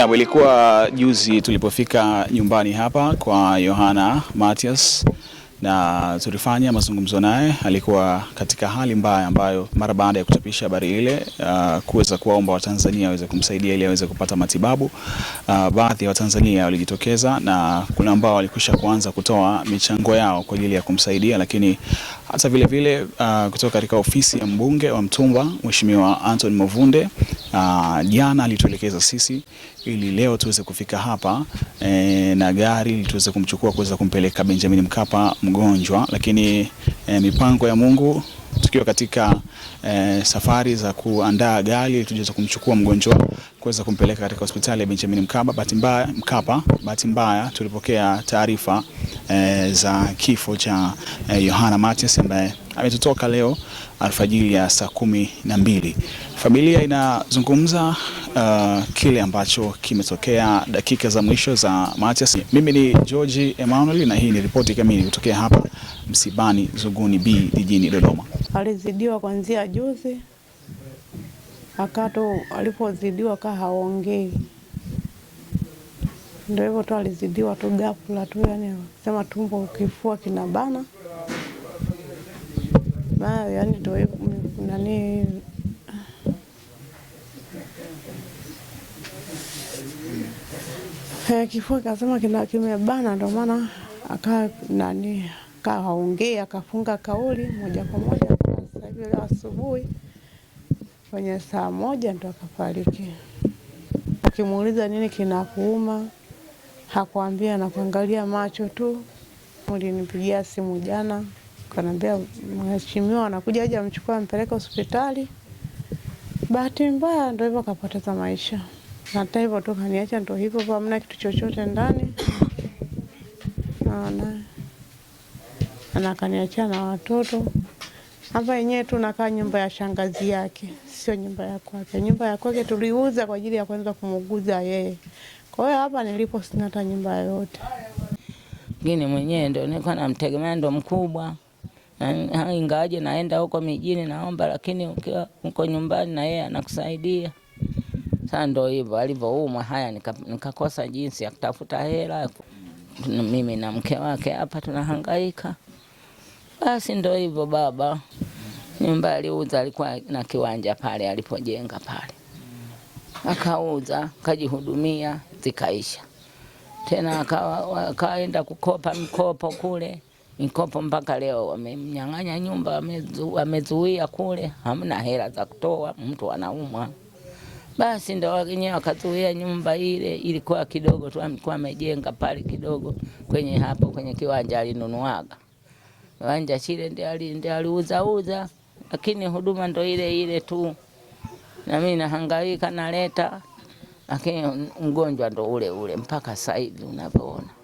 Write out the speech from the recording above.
Na ilikuwa juzi tulipofika nyumbani hapa kwa Yohana Matias na tulifanya mazungumzo naye. Alikuwa katika hali mbaya ambayo mara baada ya kuchapisha habari ile uh, kuweza kuwaomba Watanzania waweze kumsaidia ili aweze kupata matibabu uh, baadhi ya Watanzania walijitokeza na kuna ambao walikwisha kuanza kutoa michango yao kwa ajili ya kumsaidia, lakini hata vile vile uh, kutoka katika ofisi ya mbunge wa Mtumba Mheshimiwa Anthony Mavunde uh, jana alituelekeza sisi ili leo tuweze kufika hapa e, na gari ili tuweze kumchukua kuweza kumpeleka Benjamin Mkapa mgonjwa, lakini e, mipango ya Mungu tukiwa katika e, safari za kuandaa gari ili tuweze kumchukua mgonjwa kuweza kumpeleka katika hospitali ya Benjamin Mkapa. Bahati mbaya Mkapa, bahati mbaya tulipokea taarifa e, za kifo cha e, Yohana Matias ambaye ametotoka leo alfajiri ya saa kumi na mbili. Familia inazungumza uh, kile ambacho kimetokea dakika za mwisho za Matias. Mimi ni George Emmanuel na hii ni ripoti kamili kutokea hapa msibani Zuguni B jijini Dodoma. Alizidiwa kuanzia juzi akato alipozidiwa ka haongei, ndio hivyo tu, alizidiwa tu ghafla tu, yani sema tumbo kifua kinabana bana yani ndio nani Eh, kifua kasema kina kimebana, ndio maana aka nani kaongea akafunga kauli moja kwa moja. Sasa hivi asubuhi kwenye saa moja ndo akafariki. Ukimuuliza nini kinakuuma, hakuambia na kuangalia macho tu. Ulinipigia simu jana, kanaambia mheshimiwa anakuja, aje amchukua ampeleke hospitali. Bahati mbaya ndo hivyo kapoteza maisha, hata hivyo tu kaniacha, ndo hivyo, hamna kitu chochote ndani. Naona na kaniacha na watoto ambayo yenyewe tunakaa nyumba ya shangazi yake, sio nyumba ya kwake. Nyumba ya kwake tuliuza kwa ajili ya kwenda kumuuguza yeye. Kwa hiyo hapa nilipo sina hata nyumba yoyote. Mimi mwenyewe ndio nilikuwa namtegemea, ndo mkubwa na ingawaje naenda huko mijini naomba, lakini ukiwa uko nyumbani na yeye anakusaidia. Sasa ndo hivyo alivyoumwa, haya nikakosa nika jinsi ya kutafuta hela, mimi na mke wake hapa tunahangaika. Basi ndo hivyo baba, nyumba aliuza, alikuwa na kiwanja pale alipojenga pale, akauza kajihudumia zikaisha tena akaenda kukopa mikopo kule, mikopo mpaka leo wamemnyang'anya nyumba, wamezu, wamezuia kule, hamna hela za kutoa, mtu anaumwa. Basi ndo wenyewe wakazuia nyumba ile, ilikuwa kidogo tu, alikuwa amejenga pale kidogo kwenye hapo kwenye kiwanja alinunuaga wanja chile ndio aliuzauza, lakini huduma ndo ile ile tu. Na mimi nahangaika naleta, lakini mgonjwa ndo ule ule mpaka sasa hivi unavyoona.